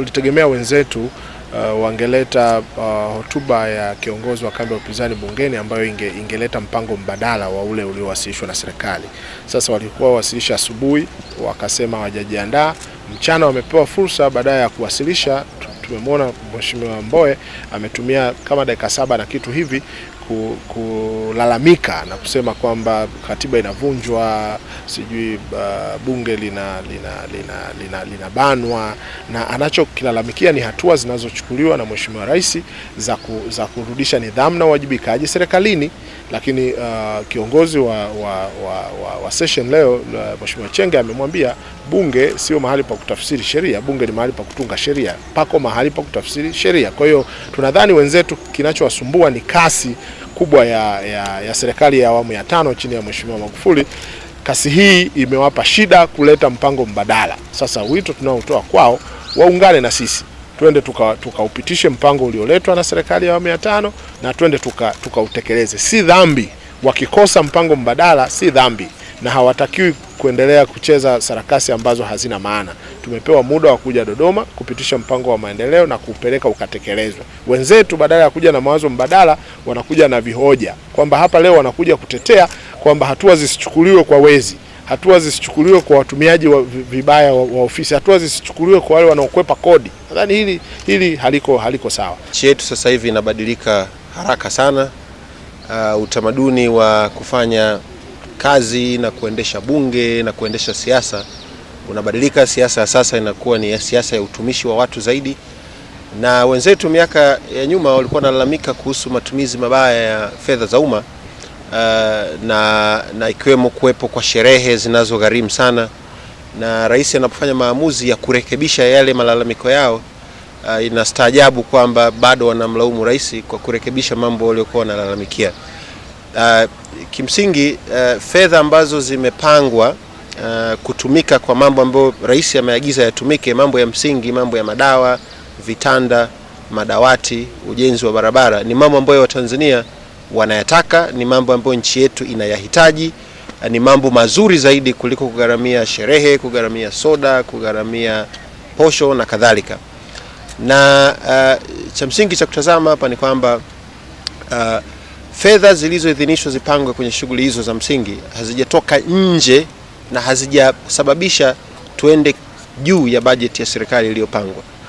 tulitegemea wenzetu uh, wangeleta uh, hotuba ya kiongozi wa kambi ya upinzani bungeni ambayo inge, ingeleta mpango mbadala wa ule uliowasilishwa na serikali. Sasa walikuwa wawasilisha asubuhi, wakasema hawajajiandaa. Mchana wamepewa fursa baadaye ya kuwasilisha tumemwona Mheshimiwa Mbowe ametumia kama dakika saba na kitu hivi kulalamika na kusema kwamba katiba inavunjwa, sijui uh, bunge lina lina lina lina linabanwa, na anachokilalamikia ni hatua zinazochukuliwa na Mheshimiwa Rais za, ku, za kurudisha nidhamu na uwajibikaji serikalini lakini uh, kiongozi wa, wa, wa, wa, wa session leo uh, Mheshimiwa Chenge amemwambia bunge sio mahali pa kutafsiri sheria, bunge ni mahali pa kutunga sheria, pako mahali pa kutafsiri sheria. Kwa hiyo tunadhani wenzetu kinachowasumbua ni kasi kubwa ya, ya, ya serikali ya awamu ya tano chini ya Mheshimiwa Magufuli. Kasi hii imewapa shida kuleta mpango mbadala. Sasa wito tunaotoa kwao, waungane na sisi twende tukaupitishe tuka mpango ulioletwa na serikali ya awamu ya tano na twende tukautekeleze. Tuka si dhambi, wakikosa mpango mbadala si dhambi, na hawatakiwi kuendelea kucheza sarakasi ambazo hazina maana. Tumepewa muda wa kuja Dodoma kupitisha mpango wa maendeleo na kuupeleka ukatekelezwe. Wenzetu badala ya kuja na mawazo mbadala wanakuja na vihoja kwamba hapa leo wanakuja kutetea kwamba hatua zisichukuliwe kwa wezi hatua zisichukuliwe kwa watumiaji wa vibaya wa ofisi, hatua zisichukuliwe kwa wale wanaokwepa kodi. Nadhani hili, hili haliko, haliko sawa. Nchi yetu sasa hivi inabadilika haraka sana. Uh, utamaduni wa kufanya kazi na kuendesha bunge na kuendesha siasa unabadilika. Siasa ya sasa inakuwa ni siasa ya utumishi wa watu zaidi, na wenzetu miaka ya nyuma walikuwa wanalalamika kuhusu matumizi mabaya ya fedha za umma uh, na, na ikiwemo kuwepo kwa sherehe zinazogharimu sana na rais anapofanya maamuzi ya kurekebisha yale malalamiko yao uh, inastaajabu kwamba bado wanamlaumu rais kwa kurekebisha mambo waliokuwa wanalalamikia. Uh, kimsingi uh, fedha ambazo zimepangwa uh, kutumika kwa mambo ambayo rais ameagiza ya yatumike, mambo ya msingi, mambo ya madawa, vitanda, madawati, ujenzi wa barabara, ni mambo ambayo Watanzania wanayataka, ni mambo ambayo nchi yetu inayahitaji ni mambo mazuri zaidi kuliko kugharamia sherehe, kugharamia soda, kugharamia posho na kadhalika. Na uh, cha msingi cha kutazama hapa ni kwamba uh, fedha zilizoidhinishwa zipangwe kwenye shughuli hizo za msingi, hazijatoka nje na hazijasababisha tuende juu ya bajeti ya serikali iliyopangwa.